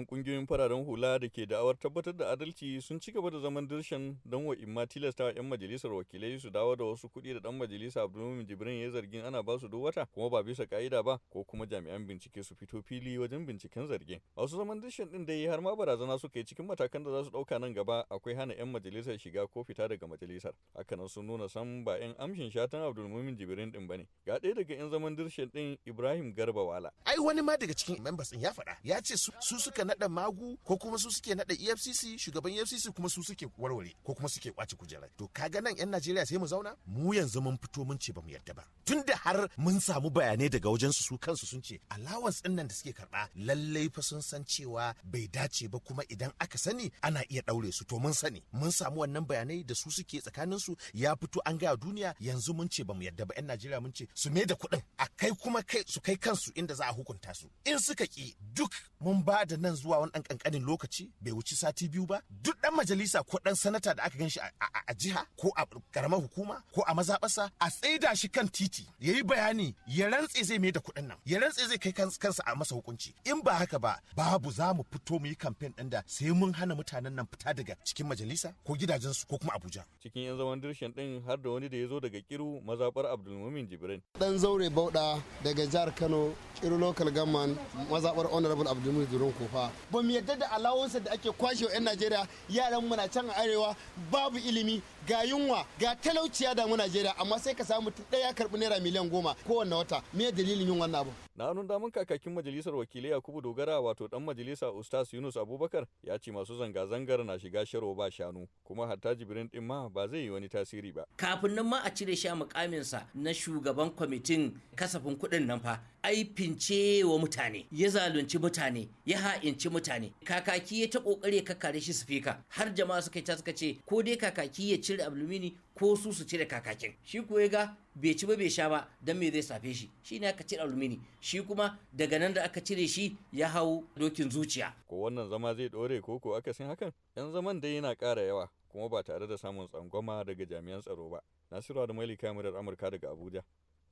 'yan kungiyoyin fararen hula da ke da'awar tabbatar da adalci sun ci gaba da zaman dirshan don wa imma tilasta wa 'yan majalisar wakilai su dawo da wasu kuɗi da ɗan majalisa abdulmumin jibrin ya zargin ana ba su duk wata kuma ba bisa ka'ida ba ko kuma jami'an bincike su fito fili wajen binciken zargin wasu zaman dirshan din dai har ma barazana suka yi cikin matakan da za su ɗauka nan gaba akwai hana 'yan majalisar shiga ko fita daga majalisar hakanan sun nuna san ba 'yan amshin shatan abdulmumin jibrin din ba ne ga ɗaya daga 'yan zaman dirshan din ibrahim garba wala ai wani ma daga cikin members ɗin ya faɗa ya ce su suka naɗa magu ko kuma su suke naɗa efcc shugaban efcc kuma su suke warware ko kuma suke kwace kujerai to kaga nan yan najeriya sai mu zauna mu yanzu mun fito mun ce ba mu yarda ba tunda har mun samu bayanai daga wajen su su kansu sun ce allowance din nan da suke karɓa lallai fa sun san cewa bai dace ba kuma idan aka sani ana iya ɗaure su to mun sani mun samu wannan bayanai da su suke tsakanin su ya fito an gaya duniya yanzu mun ce ba mu yarda ba yan najeriya mun ce su me da kuɗin a kai kuma kai su kai kansu inda za a hukunta su in suka ki duk mun ba da nan zuwa wani ɗan ƙanƙanin lokaci bai wuci sati biyu ba duk dan majalisa ko dan sanata da aka gan shi a jiha ko a karamar hukuma ko a mazaɓarsa a tsaida shi kan titi ya yi bayani ya rantse zai mai da kuɗin nan ya rantse zai kai kansa a masa hukunci in ba haka ba babu za mu fito mu yi kamfen ɗin da sai mun hana mutanen nan fita daga cikin majalisa ko gidajensu ko kuma Abuja. Cikin 'yan zaman dirshan ɗin har da wani da ya zo daga Kiru mazaɓar Abdulmumin Jibrin. Ɗan zaure bauɗa daga jihar Kano Kiru Local Government mazaɓar Honorable Abdulmumin Jibrin Kofa. ba ba mu yadda da alawansa da ake kwashe wa 'yan najeriya yaran mu na can arewa babu ilimi ga yunwa ga talauciya damu najeriya amma sai ka samu mutum ɗaya karɓi naira miliyan goma kowanne wata me dalilin yin wannan abu na hannun damun kakakin majalisar wakilai yakubu dogara wato dan majalisa ustaz yunus abubakar ya ce masu zanga-zangar na shiga sharo ba shanu kuma hatta jibirin din ma ba zai yi wani tasiri ba kafin nan ma a cire shi a mukaminsa na shugaban kwamitin kasafin kuɗin nan fa ai fince wa mutane ya zalunci mutane ya ha'inci mutane kakaki ya ta kokari ka kakkare shi sifika har jama'a suka ta suka ce ko dai kakaki ya ci cire alumini ko su su cire kakakin shi kuwa ga bai ci ba bai sha ba dan me zai safe shi shi ne aka cire alumini shi kuma daga nan da aka cire shi ya hau dokin zuciya ko wannan zama zai dore ko ko aka akasin hakan yan zaman dai yana kara yawa kuma ba tare da samun tsangwama daga jami'an tsaro ba nasiru da malika kamar amurka daga abuja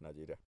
najeriya